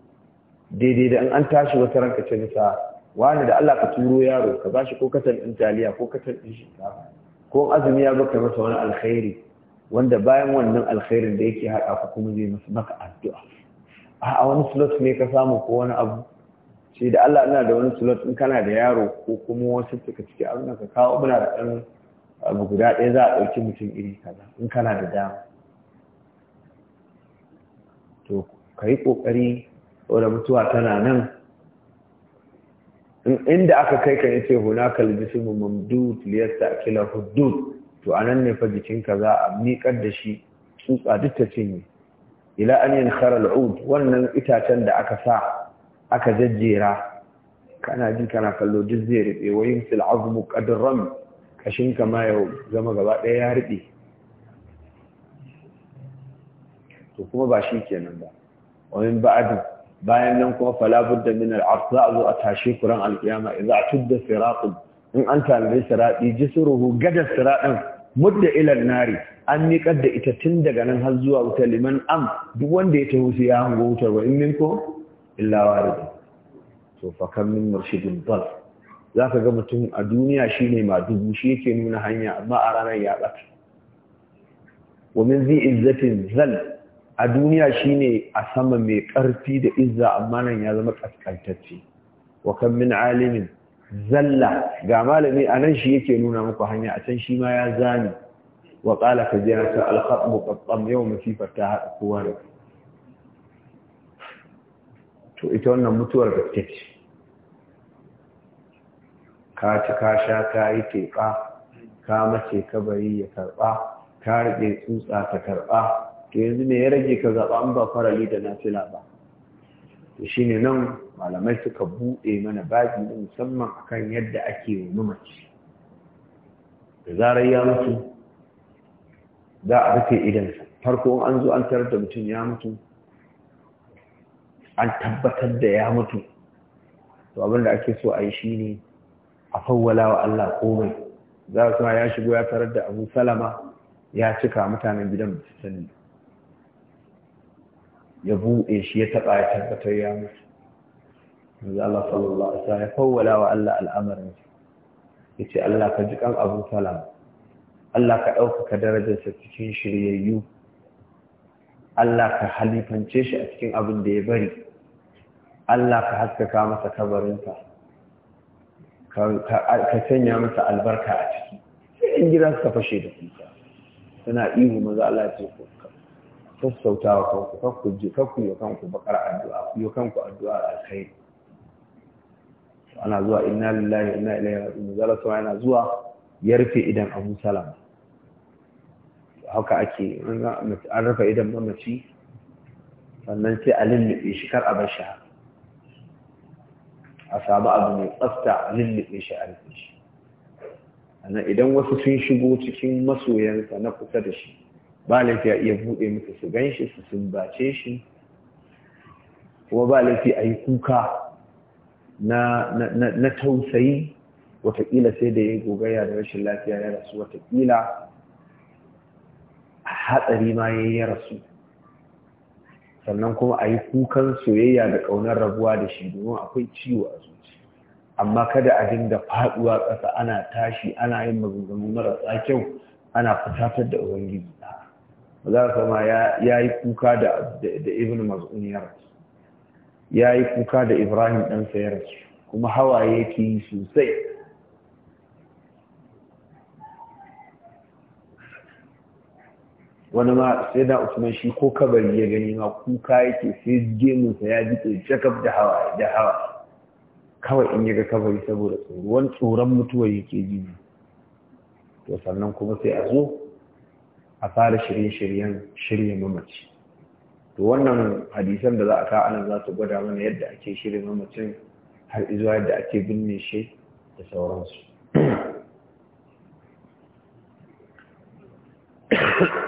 daidai da in an tashi wata ranka ce bisa wani da Allah ka turo yaro ka bashi ko katan ɗin taliya ko katan ɗin shinkafa ko azumi ya baka masa wani alkhairi wanda bayan wannan alkhairin da yake haɗa ku kuma zai masa maka addu'a a wani slot ne ka samu ko wani abu sai da Allah ina da wani slot in kana da yaro ko kuma wasu suka ciki abin ka kawo muna da ɗan abu guda ɗaya za a ɗauki mutum iri kaza in kana da dama to ka yi ƙoƙari wadda mutuwa tana nan inda aka kai ka yace hunakal jismu mamdud Kila hudud to anan ne fa jikinka za a miƙar da shi tsutsa duk ta cinye ila an yankhara al'ud wannan itacen da aka sa aka jajjera kana ji kana kallo duk zai rube wayin fil azmu rami? kashinka ma yau zama gaba ɗaya ya riɓe to kuma ba shi kenan ba wani ba'adin bayan nan kuma falabud da min al'ar za a zo a tashe kuran alkiyama a tudda siratun in an tanade sirati jisruhu gadar siraɗin mudda ilan nari an miƙar da ita tun daga nan har zuwa wuta liman am duk wanda ya taho sai ya hango wutar wa in minko illa warid to fa min murshidin dal za ka ga mutum a duniya shi ne ma dubu shi yake nuna hanya amma a ranar ya ɓata wa min izzatin zal a duniya shi ne a sama mai ƙarfi da izza amma nan ya zama ƙasƙantacce wa kan min alimin zalla ga malami a nan shi yake nuna muku hanya a can shi ma ya zani wa ƙala ka jiya ta alhaɓu ƙaɓɓam yau masifar ta haɗa kowa da to ita wannan mutuwar gaske ce ka ci ka sha ka yi teɓa ka mace ka bari ya karɓa ka riƙe tsutsa ta karɓa to yanzu ne ya rage ka zaɓa an ba farali da nafila ba to shine nan malamai suka buɗe mana baki na musamman akan yadda ake wa mace da zarar ya mutu za a rufe idansa farko an zo an tarar da mutum ya mutu an tabbatar da ya mutu to abin da ake so a yi shine a fawwala wa Allah komai za su ya shigo ya tarar da abu salama ya cika mutanen gidan su sani ya buɗe shi ya taɓa ya tabbatar ya mutu yanzu Allah sallallahu alaihi wasallam ya fawwala wa Allah al'amarin ya ce Allah ka ji kan abu salama Allah ka ɗaukaka darajarsa cikin shiryayyu Allah ka halifance shi a cikin abin da ya bari Allah ka haskaka masa kabarinsa ka sanya masa albarka a ciki sai in gida suka fashe da kuka suna ihu maza Allah ce ku sassautawa kanku kanku je kanku yi kanku bakar addu'a ku yi kanku addu'a kai ana zuwa inna lillahi inna ilaihi raji'un zalla sama yana zuwa ya rufe idan Abu Salama haka ake an rufe idan mamaci sannan sai a lullube shi kar a bar a samu abu mai tsafta a lullube shi a rufe shi ana idan wasu sun shigo cikin masoyansa na kusa da shi ba laifi a iya buɗe musu su gan shi su sumbace shi kuma ba laifi a yi kuka na tausayi watakila sai da ya gogaya da rashin lafiya ya rasu watakila a hatsari ma ya yi rasu sannan kuma a yi kukan soyayya da ƙaunar rabuwa da shi domin akwai ciwo a zuci amma kada a dinga faɗuwa ƙasa ana tashi ana yin maganganu marasa kyau ana fitatar da ubangiji ba za ka ma ya yi kuka da ibn mas'un ya rasu ya yi kuka da ibrahim ɗansa ya rasu kuma hawaye ke yi sosai wani ma sai da usman shi ko kabari ya gani ma kuka yake sai gemunsa ya ji ke jakab da hawa da hawa kawai in yaga kabari saboda tsoro wani tsoron mutuwa yake ji to sannan kuma sai a zo a fara shirye-shiryen shirye mamaci to wannan hadisan da za a kawo anan za su gwada mana yadda ake shirye mamacin har izuwa yadda ake binne shi da sauransu قال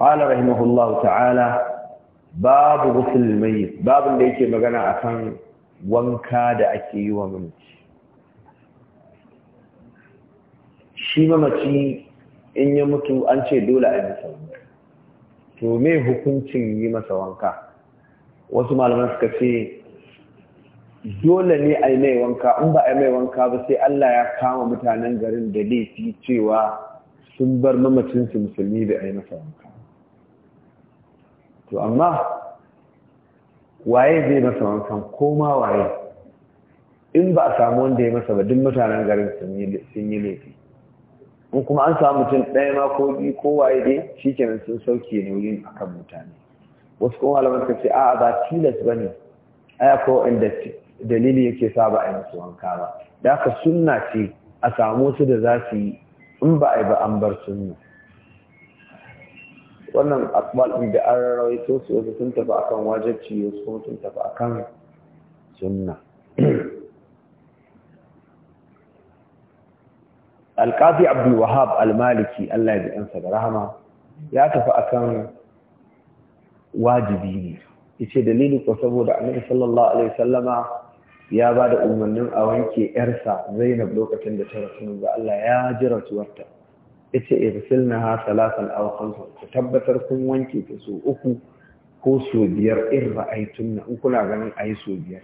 رحمه الله تعالى باب غسل الميت باب da yake magana akan wanka da ake yi wa mamaci shi mamaci in ya mutu an ce dole a yi wanka to me hukuncin yi masa wanka wasu malaman suka ce dole ne a yi mai wanka in ba a yi mai wanka ba sai Allah ya kama mutanen garin da laifi cewa sun bar mamacinsu musulmi da a yi masa wanka to amma waye zai masa wankan koma waye in ba a samu wanda ya masa ba duk mutanen garin sun yi laifi in kuma an samu mutum ɗaya ma ko biyu ko waye dai shi kenan sun sauke nauyin a kan mutane wasu kuma malaman ce a'a ba tilas ba ne aya ko inda dalili yake sa ba a yi musu wanka ba da haka sunna ce a samu su da za su yi in ba a yi ba an bar sunna wannan akwal ɗin da an rawaito su wasu sun tafi akan wajabci wasu kuma sun tafi akan sunna alƙafi abdul wahab al Allah ya ji bi'ansa da rahama ya tafi akan wajibi ne yace dalilin ko saboda annabi sallallahu alaihi sallama. ya ba da umarnin a wanke ‘yarsa zainab lokacin da ta rasu ga Allah ya ji rasuwarta ita ta ha salasan awakansu ku tabbatar kun wanke ta so uku ko so biyar in ra'aitun na in kuna ganin a yi so biyar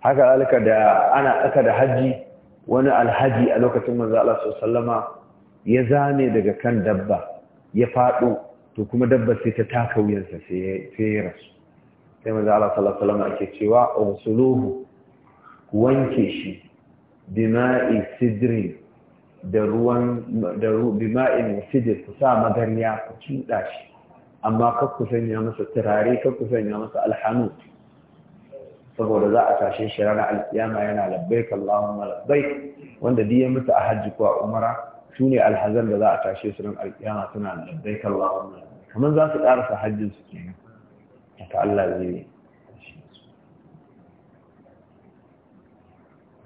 haka alka da ana aka da haji wani alhaji a lokacin manzo Allah sallama ya zame daga kan dabba ya faɗo to kuma dabba sai ta taka wuyansa sai ya rasu sai maza Allah sallallahu alaihi wasallam ake cewa usuluhu wanke shi bima'i sidri da ruwan da bima'in sidri ku sa magarya ku cinda shi amma kar ku sanya masa turare kar ku sanya masa alhanu saboda za a tashe shi ranar alkiyama yana labbai Allahumma labbaik wanda duk ya mutu a hajji ko a umara sune alhazan da za a tashe su ran alkiyama suna labbaik Allahumma kamar za su karasa hajjin su kenan ta Allah zai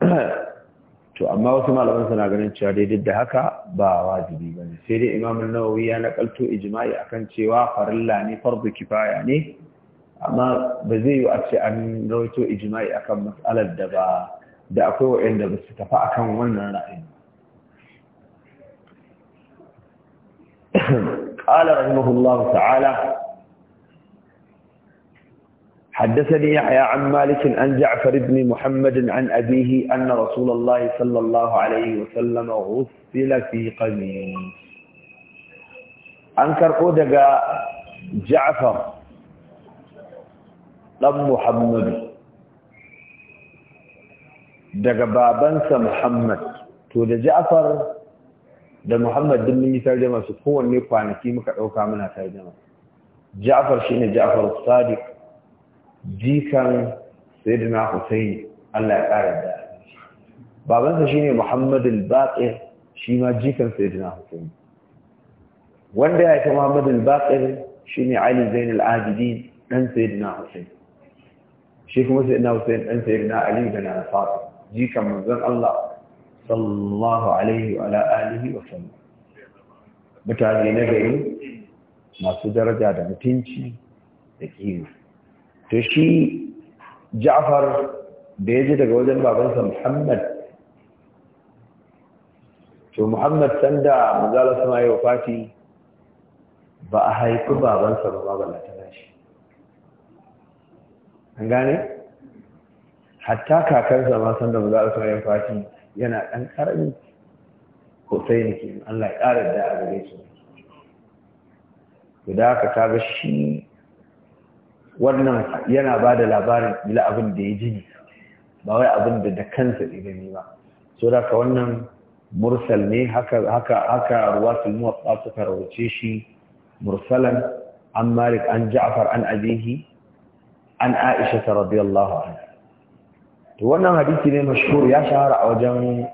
to amma wasu malaman suna ganin cewa daidai da haka ba wajibi ba ne sai dai imamun nawawi ya nakalto ijma'i akan cewa farilla ne fardu kifaya ne amma ba zai yi a ce an rawaito ijma'i akan matsalar da ba da akwai waɗanda ba su tafi akan wannan ra'ayin قال رحمه الله تعالى حدثني يحيى عن مالك عن جعفر بن محمد عن أبيه أن رسول الله صلى الله عليه وسلم غسل في قميص أنكر قدق جعفر لم محمد دق بابنس محمد تود جعفر ده محمد دمني ترجمة سبحوه النقوان كيمك أوكا منها ترجمة جعفر شنو جعفر الصادق jikan sayyidina Hussein Allah ya ƙara da babansa shine Muhammad al-Baqir shi ma jikan sayyidina Hussein wanda ya ce Muhammad al-Baqir shine Ali Zain al-Abidin dan sayyidina Hussein shi kuma sayyidina Hussein dan sayyidina Ali bin Abi Talib jikan manzon Allah sallallahu alaihi wa alihi wa sallam mutane na gari masu daraja da mutunci da kima to shi ja'far da ya ji daga wajen babansa muhammad to muhammad sanda mazala sama yi wa fati ba a haifi babansa ba babalata na shi an gane? hatta kakarsa ma sanda mazala sama yi wa fati yana ɗan ƙarami ko sai ke allah ƙara da a gare su guda ka kaga shi wannan yana ba da labarin ila abin da ya jini ba wai abin da da kansa ya gani ba so da ka wannan mursal ne haka haka haka ruwatul muwatta suka shi mursalan an malik an ja'far an abihi an aisha radiyallahu anha to wannan hadisi ne mashhur ya shahara a wajen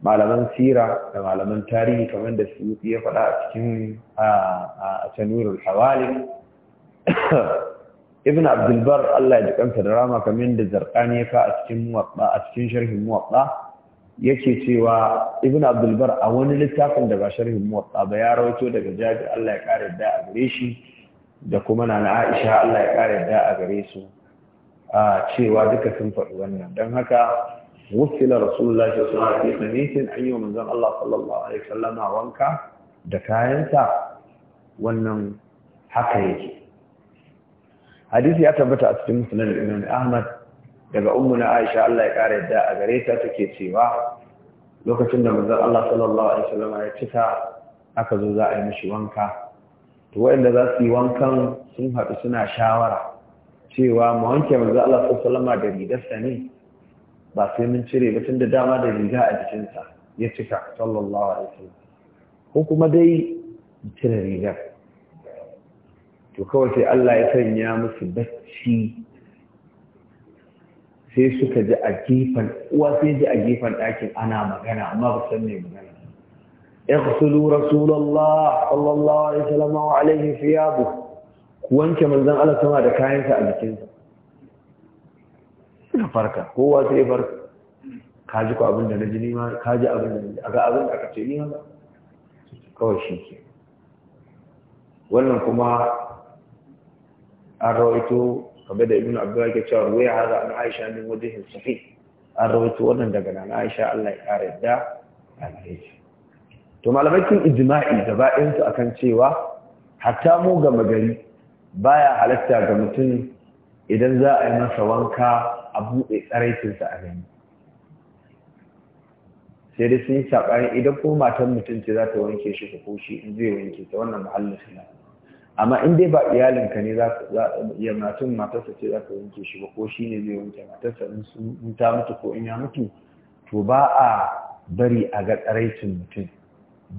malaman sira da malaman tarihi kamar da su ya faɗa a cikin a tanurul hawali ibn abdulbar Allah ya ji kansa da rama kamar da zarkani ya ka a cikin muwaɗa a cikin sharhin muwaɗa yake cewa ibn abdulbar a wani littafin da ba sharhin muwaɗa ba ya rawaito daga jabi Allah ya ƙara da a gare shi da kuma na aisha Allah ya ƙara da a gare su a cewa duka sun faɗi wannan don haka wusila rasulullah suna fi sanitin an yi wa manzon Allah sallallahu alaihi wasallama wanka da kayansa wannan haka yake hadisi ya tabbata a cikin musulun Imam Ahmad daga umuna Aisha Allah ya ƙara yadda a gare ta take cewa lokacin da manzon Allah sallallahu alaihi wasallam ya cika aka zo za a yi mishi wanka to waɗanda za su yi wankan sun haɗu suna shawara cewa mu wanke manzon Allah sallallahu alaihi wasallam da rigarsa ne ba sai mun cire ba da dama da riga a jikinsa ya cika sallallahu alaihi ko kuma dai cire rigar to kawai sai Allah ya sanya musu bacci sai suka ji a gefen uwa sai ji a gefen ɗakin ana magana amma ba san me magana اغسلوا رسول sallallahu alaihi الله wa alaihi وعليه ku wanke manzon Allah sama da kayansa a jikinsa suka farka kowa sai farka ka ji ko abin da na ji nima ka ji abin da na ji aga abin da aka ce nima ba kawai shi ke wannan kuma an rawaito kamar da ibnu abdullahi ke cewa ruwaya haza an aisha min wajihin safi an rawaito wannan daga nan aisha Allah ya kare da alheri to malamai ijima'i ijma'i da ɗayan su akan cewa hatta mu ga magari baya halatta ga mutum idan za a yi masa wanka a buɗe tsaraitinsa a gani sai dai sun yi saɓani idan ko matan mutum ce za ta wanke shi ko shi in zai wanke ta wannan muhallin sana'a amma in dai ba iyalinka ne za ya matun matarsa ce za ka wanke shi ba ko shi ne zai wanke matarsa in sun ta mutu ko in ya mutu to ba a bari a ga tsaraicin mutum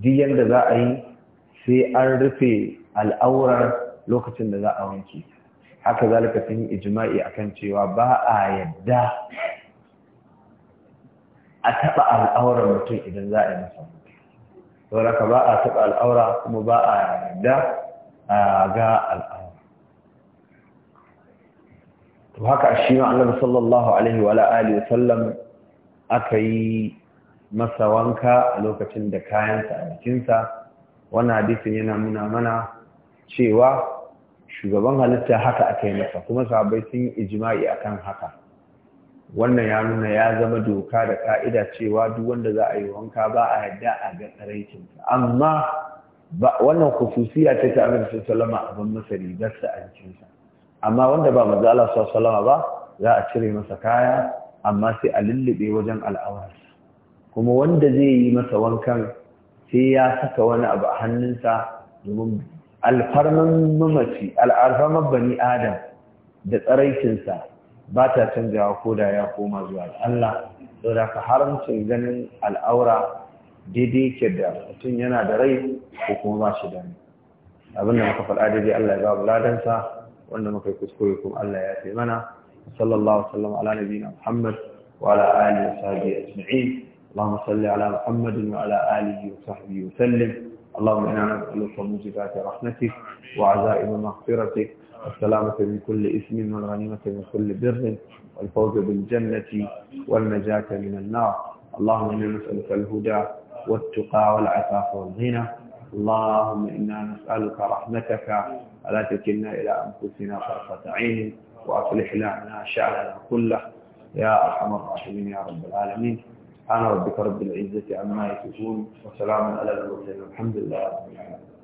duk yadda za a yi sai an rufe al'aurar lokacin da za a wanke haka zalika sun yi ijma'i akan cewa ba a yadda a taɓa al'aurar mutum idan za a yi masa saboda ka ba a taɓa al'aura kuma ba a yadda ga al'amur to haka shi ma annabi sallallahu alaihi wa alihi wa sallam aka yi masa wanka a lokacin da kayansa a jikinsa wannan hadisin yana nuna mana cewa shugaban halitta haka aka yi masa kuma sahabbai sun yi ijma'i akan haka wannan ya nuna ya zama doka da ka'ida cewa duk wanda za a yi wanka ba a yadda a ga tsaraikinsa, amma wannan khususiya ta ta annabi sallama a ban masa rigarsa a jikinsa amma wanda ba manzo Allah sallama ba za a cire masa kaya amma sai a lullube wajen al'awarsa kuma wanda zai yi masa wankan sai ya saka wani abu a hannunsa domin alfarman mamaci al'arfaman bani adam da tsaraicinsa ba ta canjawa ko da ya koma zuwa Allah saboda ka haramcin ganin al'aura daidai yake da mutum yana da rai ko kuma ba shi da abin da muka faɗa daidai Allah ya babu ladansa wanda muka yi kuskure kuma Allah ya fi mana sallallahu sallam ala nabiyina Muhammad wa ala alihi wa sahbihi ajma'in اللهم صل على محمد وعلى ma وصحبه وسلم اللهم إنا نسألك موجبات رحمتك وعزائم مغفرتك والسلامة من كل إثم والغنيمة من كل بر والفوز بالجنة والنجاة من النار اللهم إنا نسألك الهدى والتقى والعفاف والغنى اللهم إنا نسألك رحمتك ألا تكلنا إلى أنفسنا طرفة عين وأصلح لنا شأننا كله يا أرحم الراحمين يا رب العالمين سبحان ربك رب العزة عما يصفون وسلام على المرسلين والحمد لله رب العالمين